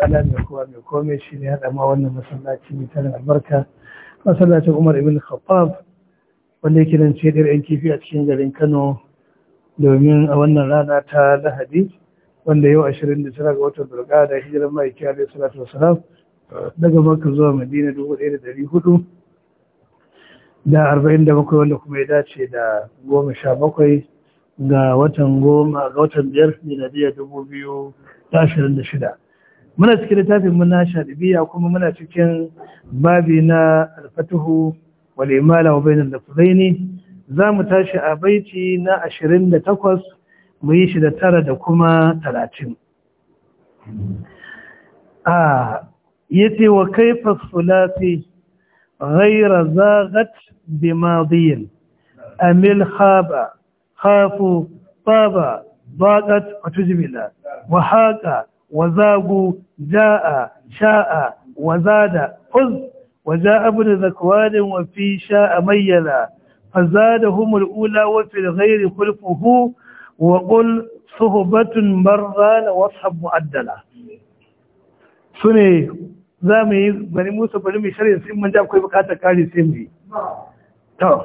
ta'ala mai kowa mai kome shi ne haɗa ma wannan masallaci mai tarin albarka masallacin umar ibn khattab wanda yake nan ce yan kifi a cikin garin kano domin a wannan rana ta lahadi wanda yau 29 ga watan durga da mai ma'aiki da salatu wasalam daga makka zuwa madina 1400 da 47 wanda kuma ya dace da 17 ga watan goma ga watan biyar miladiyya shida. muna cikin littafin muna shaɗibiya kuma muna cikin babi na alfatuhu wal imala wa bainal lafzaini za mu tashi a baici na 28 mu yi shi da tara da kuma 30 a yace wa kaifa sulati ghayra zaghat madiyin amil khaba khafu taba ضاقت wa وحاق وزاغوا جاء شاء وزاد خذ وجاء ابن ذكوان وفي شاء ميلا فزادهم الأولى وفي الغير خلفه وقل صهبة مران واصحب معدلة سني زامي بني موسى بني مشاري سيم من جاب كيف قاتل كاري سيمي تو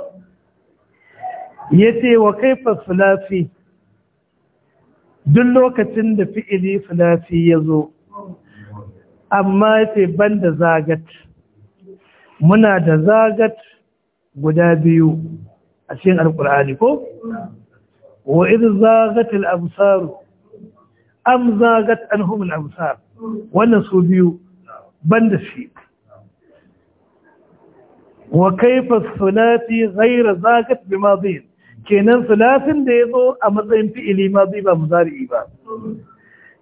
يتي وكيف الثلاثي duk lokacin da fi'ili sulasi ya zo amma ce ban da zagat muna da zagat guda biyu a cikin Alƙul'ani. ko wa iz zagat al-absar am zagat anhum al-absar wannan su biyu ban da shi wa kaifa sulasi ghayra zagat bi madin kenan salasin da ya zo a matsayin fi'ili ma zai ba muzari'i ba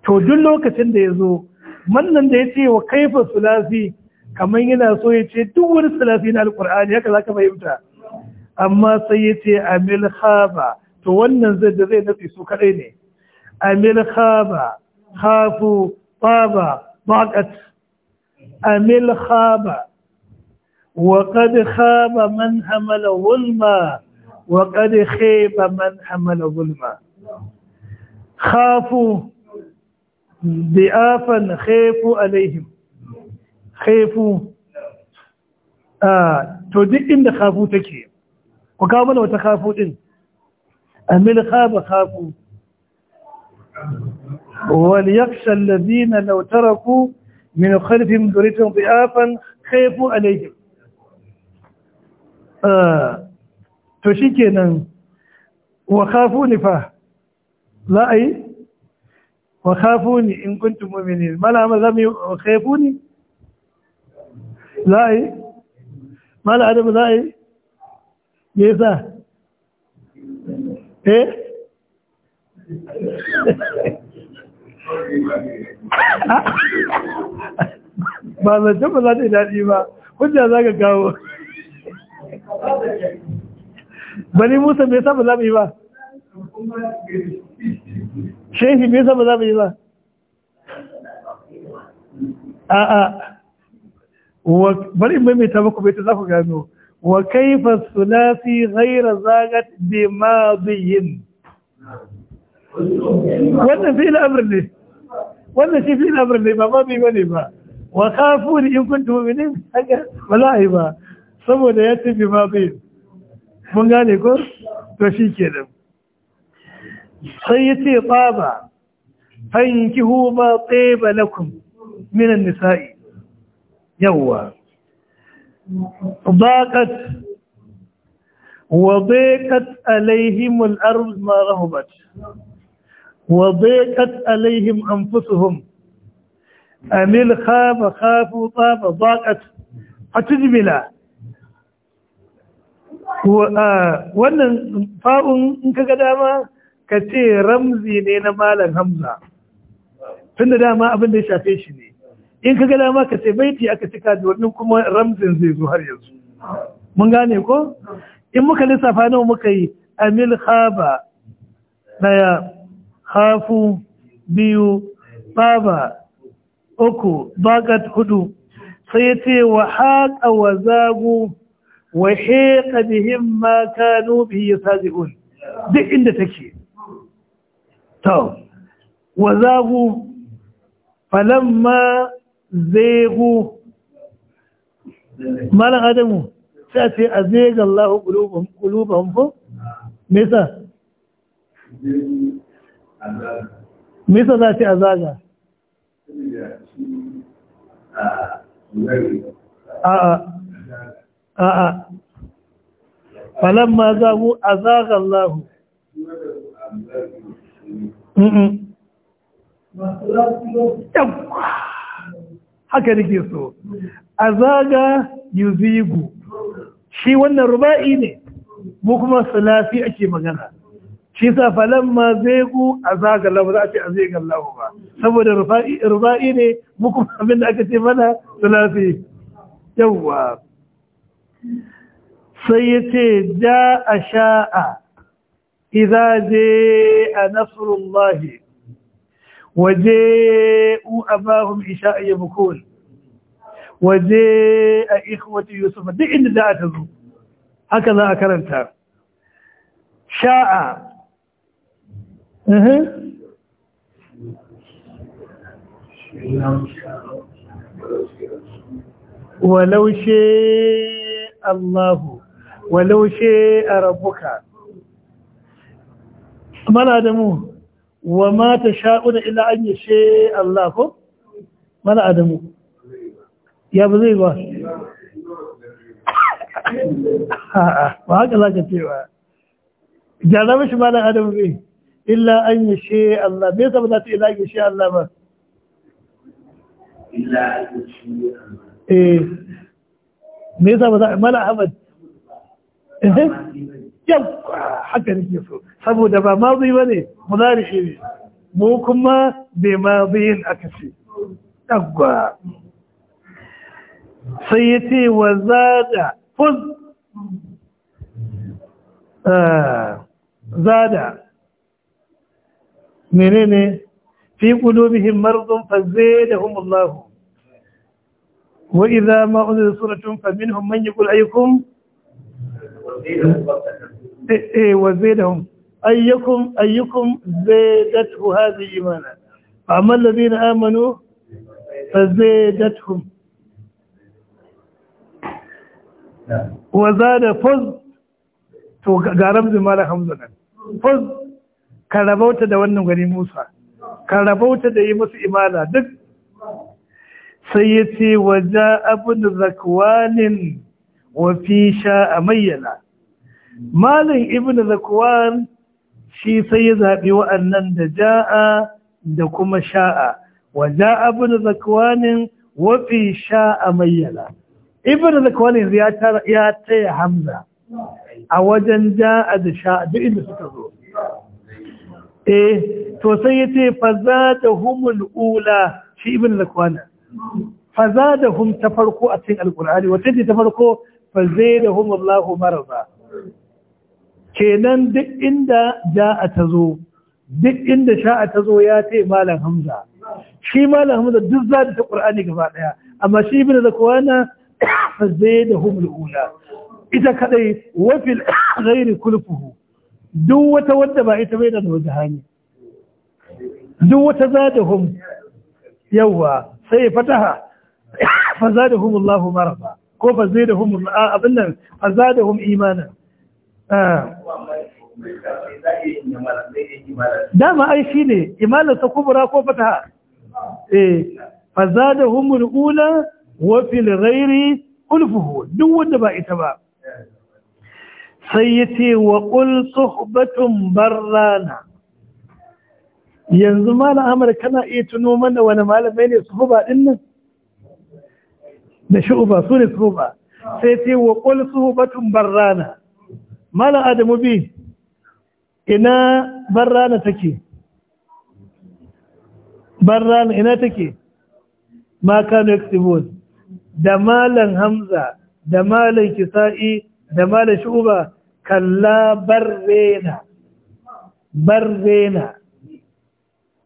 to duk lokacin da ya zo wannan da ya ce wa kaifa sulasi kamar yana so ya ce duk wani sulasi na alkur'ani haka zaka fahimta amma sai ya ce amil khaba to wannan zai da zai nafi su kadai ne amil khaba khafu taba baqat amil khaba wa qad khaba man hamala wulma وقد خيب من حمل ظلما خافوا ضعافا خيفوا عليهم خيفوا to duk inda kafu take ku kawo mana wata kafu din amil khaba kafu wal yakhsha alladhina law taraku min khalfihim khayfu alayhim to shi kenan wa kafuni fa za a yi wa ni in kuntum mu'minin mala ma yi wa ni za a yi mala adam za a yi me yasa eh ba zance ba za ta yi daɗi ba hujja za ka kawo bani musa bai saba ba za mu yi ba shehi me yasa ba za mu yi ba a'a bari in mai muku bai ta za ku gano wa kaifa sulasi ghaira zagat bi madiyin wannan fi al'amr ne wannan shi fi al'amr ne ba ba bi bane ba wa kafuni in kuntum mu'minin haka wala ba saboda ya tafi madiyin من gane ko to shi ke da sai ya ce tsaba fankihu ma ضاقت وضيقت عليهم الأرض ما رهبت وضيقت عليهم أنفسهم أمل الخاب خافوا طاب ضاقت فتجملا wannan fa'un in ka ga dama ka ce ramzi ne na malam hamza tun da dama abin da ya shafe shi ne in ka ga dama ka ce baiti aka cika da wannan kuma ramzin zai zo har yanzu mun gane ko in muka lissafa nawa muka yi amil Haba daya hafu biyu baba uku bagat hudu sai ya ce wa haƙa wa zagu wa hiqa bihim ma kanu bihi yasadiqun duk inda take to wa zagu falamma zaigu malan adamu sai ce a zaiga Allah qulubahum ko me yasa me yasa za ce azaga a'a a'a falamma zagu azaga Allah haka nake so azaga yuzigu shi wannan ruba'i ne mu kuma salafi ake magana shi sa falamma zaigu azaga Allah ba za a ce azaga Allah ba saboda ruba'i ne mu kuma abin da aka ce mana salafi yawwa سيتي جاء شاء إذا جاء نصر الله وجاء أباهم إشاء يبكون وجاء إخوة يوسف دي إن جاءت ذو هكذا أكرمت شاء أه. ولو شيء Allahu walau a rabbuka mana da mu wa ma ta sha'una illa an yi she Allah ko? mana adamu ya ba zai ba ba haka za ka cewa jarraba shi mana adamu zai illa an yi she Allah bai saba za ta illa an yi she Allah ba eh ماذا بدا ما لا ابد جو حتى نجي فو فبو دابا ماضي ولي مضارع شي مو كما بماضي اكسي دقا سيتي وزاد فز آه. زاد منين في قلوبهم مرض فزيدهم الله وإذا ما أنزل سورة فمنهم من يقول أيكم وزيدهم أيكم أيكم زادته هذه إيمانا فأما الذين آمنوا فزادتهم وزاد فز to ga ramzin mala hamza nan fuz ka rabauta da wannan gari musa ka rabauta da sai ya ce waje abin zakwanin wafi sha a mayyana malin ibn zakwan shi sai ya zaɓi wa'annan da ja'a da kuma sha'a waje abin zakwanin wafi sha a mayyana ibn zakwanin ya taya hamza a wajen ja'a da sha'a duk inda suka zo eh to sai ya ce fa za ta humul ula shi ibn zakwanin fazadahum ta farko a cikin alkur'ani wacce ce ta farko fazadahum Allahu marza kenan duk inda ja'a ta zo duk inda sha'a ta zo ya ce malam Hamza shi malam Hamza duk zata ta Qur'ani gaba daya amma shi ibn zakwana fazadahum alula ita kadai wa fil ghairi kulfuhu duk wata wanda ba ita bai da wajhani duk wata zadahum yawa sai fataha fa zadahum Allahu marada ko fa zadahum abin nan fa zadahum imanan dama ai shine imanin ta kubra ko fataha eh fa zadahum al-ula wa fil ghairi ulfuhu duk wanda ba ita ba sai yace wa qul suhbatun barrana yanzu malam Amurka na iya tuno mana wani malamai ne su huba din nan da shu'uba su ne su huba sai ce wa ƙul su hubatun barrana malam adamu bi ina barrana take barrana ina take ma kano exibon da malam hamza da malam kisa'i da malam shu'uba kalla barrena barrena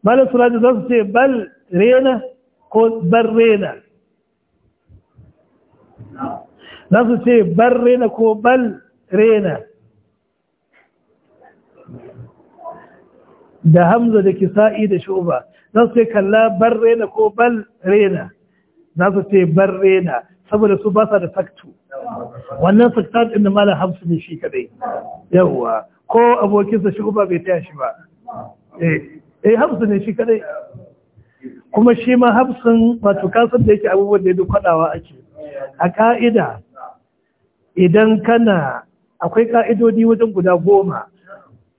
malar suraji za su ce bal rena ko bar rena za su ce bar rena ko bal rena da hamza da kisa'i da shuba za su ce kalla bar rena ko bal rena za su ce bar rena saboda su ba sa da saktu wannan saktar ɗin da malar hamsu ne shi kadai yawwa ko abokinsa shuba bai taya shi ba eh eh hafsu ne shi kadai kuma shi ma hafsun wato kasar da yake abubuwan da ya duk kwadawa ake a ka'ida idan kana akwai ka'idodi wajen guda goma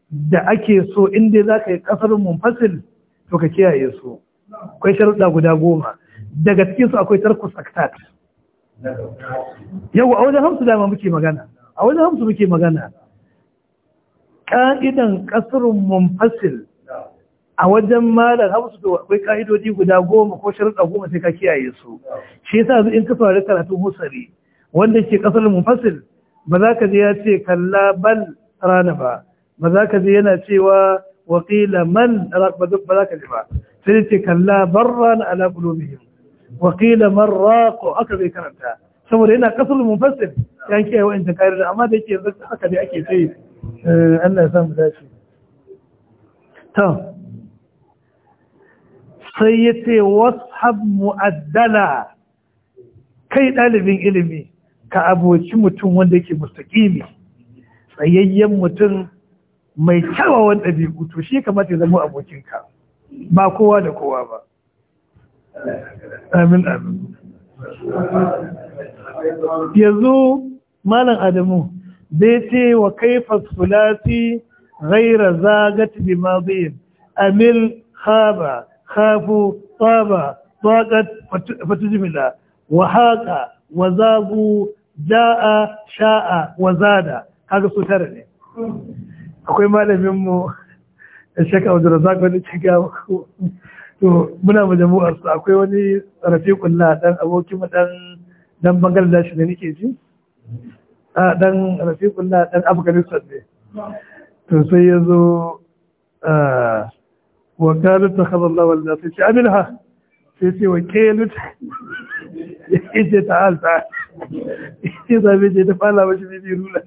da ake so inda za ka yi kasar munfasil to ka kiyaye su akwai sharuɗa guda goma daga cikinsu akwai tarkus saktat yau a wajen hamsu dama muke magana a wajen hamsu muke magana ka'idan kasarun munfasil a wajen malar hausu da akwai ka'idodi guda goma ko sharuɗa goma sai ka kiyaye su shi yasa in ka fara karatu musari wanda ke kasar mufassir ba za ka je ya ce kalla bal rana ba ba za ka je yana cewa waƙila man ba za ka je ba sai ce kalla bar rana ala qulubihim waƙila man raqo aka zai karanta saboda yana kasar ya yan kiyaye wa'in ta da, amma da yake yanzu haka da ake sai eh, Allah ya samu dace to sai ya ce washab mu'addala kai ɗalibin ilimi ka aboci mutum wanda yake mustaƙimi tsayayyen mutum mai kyawawan ɗabi'u to shi kamata ya zama abokinka ba kowa da kowa ba amin amin yanzu malam adamu zai ce wa kai fulati ghaira zagati bi madin amil khaba خافوا طاب ضاقت فتجملا وهاق وزاغوا جاء شاء وزاد هذا su ne akwai malamin mu shek Abdulrazak wani ciga to muna majmu'ar su akwai wani rafiqullah dan abokin dan dan Bangladesh ne nake ji a dan rafiqullah dan Afghanistan ne to sai yazo wa kalu ta khadar lawal da sai ce amilha sai ce wa kelut ya ce ta halta ya zabe ce ta fala mashi bibi rula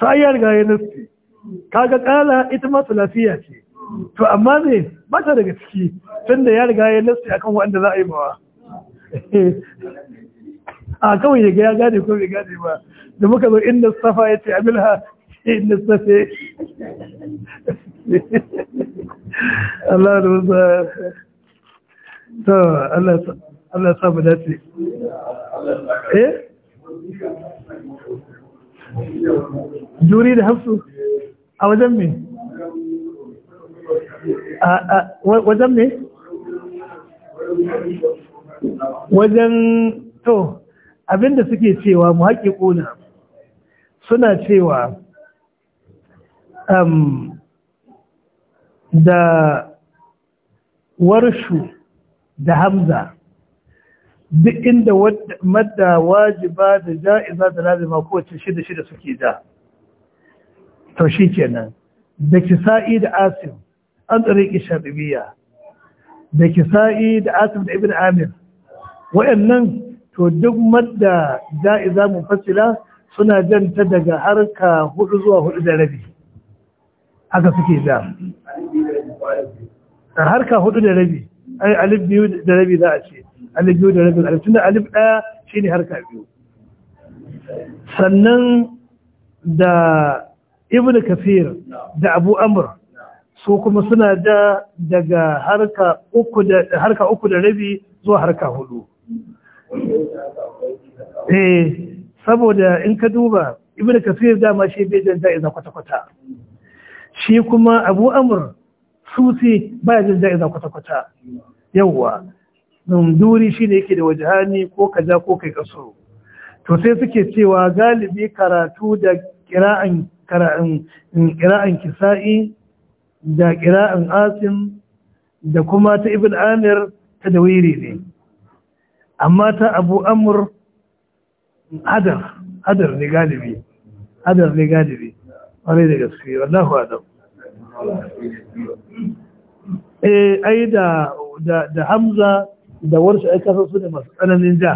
ta ayyar ga yanar ce kaga kala ita ma lafiya ce to amma ne ba ta daga ciki tun da ya riga ya nasi akan wanda za yi bawa a kawai ya ya gane ko bai gane ba da muka zo inda safa ya ce amilha inda safe Allah da wasu ta Allah ya sabu dace eh juri da hafsu a wajen me a wajen me wajen to abinda suke cewa mu haƙi ƙuna suna cewa um, da warshu da hamza duk inda madda wajiba da ja'iza da lazima kowace shida shida suke da to shi kenan da kisa'i da asim an tsariki shaɗibiya da kisa'i da asim da ibn amir wayannan to duk madda ja'iza mufassila suna janta daga harka hudu zuwa hudu da rabi haka suke da harka hudu da rabi ai alif biyu da rabi za a ce alif biyu da rabi alif tunda alif ɗaya shine harka biyu sannan da ibnu kafir da abu amr su kuma suna da daga harka uku da harka uku da rabi zuwa harka hudu eh saboda in ka duba ibnu kafir ma shi bai danta idan kwata kwata shi kuma abu amr susi ba jin ja'iza kwata-kwata yawwa um, duri shi ne yake da wajahani ko kaja ko kai kaso to sai suke cewa galibi karatu da kira'an um, kisa'i da kira'an asim da kuma ta ibn amir ta da dawiri ne amma ta abu amur hadar hadar ne galibi hadar ne galibi wani da gaske wallahu adam eh ai da hamza da wasu ai kasar su da masu tsananin ja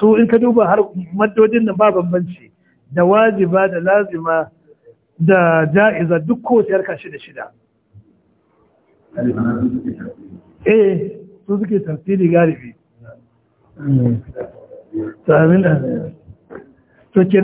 su in ka duba har maddodin nan ba bambanci da wajiba da lazima da ja'iza duk kowace harka shida shida eh su suke tafsiri galibi